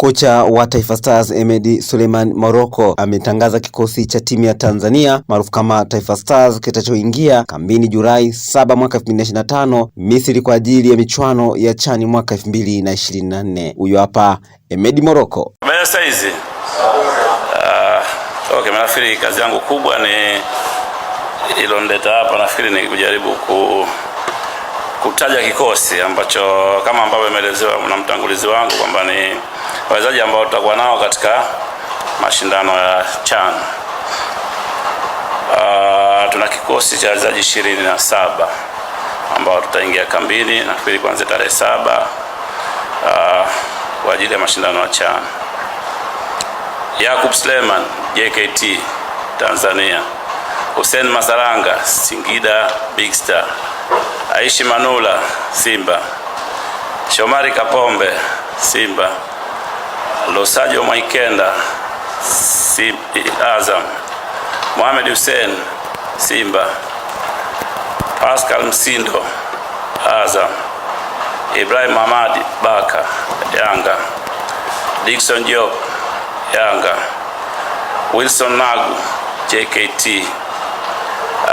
Kocha wa Taifa Stars Hemed Suleiman Morocco ametangaza kikosi cha timu ya Tanzania maarufu kama Taifa Stars kitachoingia kambini Julai 7 mwaka 2025 Misri kwa ajili ya michuano ya Chani mwaka 2024. huyo hapa Hemed Morocco. Saizi uh, okay, nafikiri kazi yangu kubwa ni ilonileta hapa, nafikiri ni kujaribu ku kutaja kikosi ambacho kama ambavyo imeelezewa na mtangulizi wangu kwamba ni wachezaji ambao tutakuwa nao katika mashindano ya CHAN. Uh, tuna kikosi cha wachezaji ishirini na saba ambao tutaingia kambini nafikiri kuanzia tarehe saba uh, kwa ajili ya mashindano ya CHAN. Yakub Sleman JKT Tanzania, Hussein Masaranga Singida Big Star, Aishi Manula Simba, Shomari Kapombe Simba Losajo Mwaikenda si, eh, Azam, Mohamed Hussein Simba, Pascal Msindo Azam, Ibrahim Hamad Baka Yanga, Dickson Job Yanga, Wilson Nagu JKT,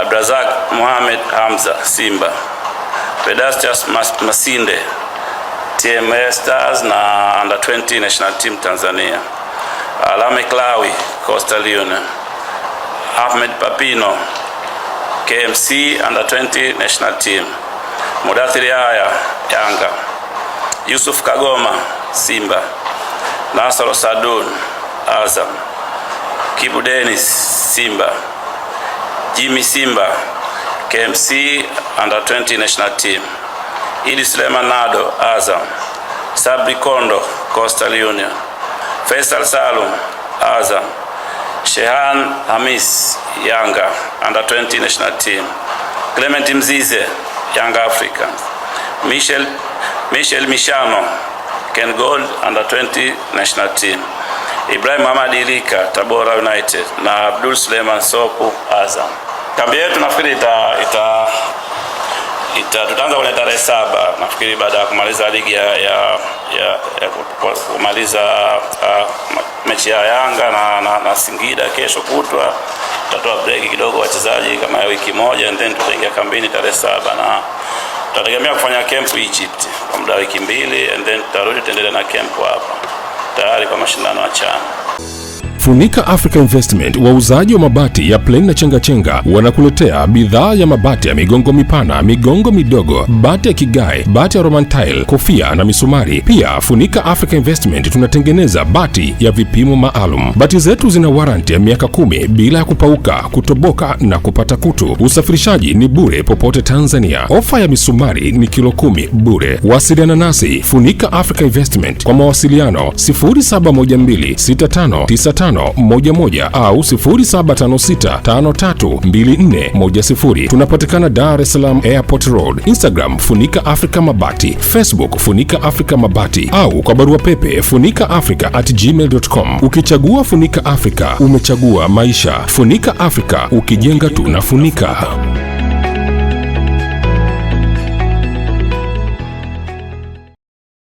Abdrazak Mohamed Hamza Simba, Pedastus Masinde TMA Stars na under 20 national team Tanzania, Alame Klawi Coastal Union, Ahmed Papino KMC under 20 national team, Mudathiri Aya Yanga, Yusuf Kagoma Simba, Nasoro Sadun Azam, Kibu Dennis Simba, Jimmy Simba KMC under 20 national team Idi Suleiman Nado Azam, Sabri Kondo Coastal Union, Faisal Salum Azam, Shehan Hamis Yanga Under 20 National Team, Clement Mzize Young Africans, Michel, Michel Mishano Ken Gold Under 20 National Team, Ibrahim Hamad Ilika Tabora United na Abdul Suleiman Sopu Azam. Kambi yetu nafikiri ita, ita ita tutaanza kwenye tarehe saba nafikiri baada ya kumaliza ligi ya, ya, ya, ya kumaliza uh, mechi ya Yanga na, na, na Singida kesho kutwa tutatoa break kidogo wachezaji kama ya wiki moja, and then tutaingia kambini tarehe saba na tutategemea kufanya camp Egypt kwa muda wa wiki mbili, and then tutarudi tutaendelea na camp hapa tayari kwa mashindano ya CHAN. Funika Africa Investment, wauzaji wa mabati ya plain na chengachenga, wanakuletea bidhaa ya mabati ya migongo mipana, migongo midogo, bati ya kigae, bati ya tile, kofia na misumari. Pia Funika Africa Investment tunatengeneza bati ya vipimo maalum. Bati zetu zina waranti ya miaka kumi bila ya kupauka, kutoboka na kupata kutu. Usafirishaji ni bure popote Tanzania. Ofa ya misumari ni kilo kumi bure. Wasiliana nasi Funika Africa Investment kwa mawasiliano 07126595 511 au 0756532410. Tunapatikana Dar es Salaam Airport Road. Instagram funika africa mabati, Facebook funika africa mabati, au kwa barua pepe funika africa at gmail.com. Ukichagua funika africa umechagua maisha. Funika Afrika, ukijenga tunafunika.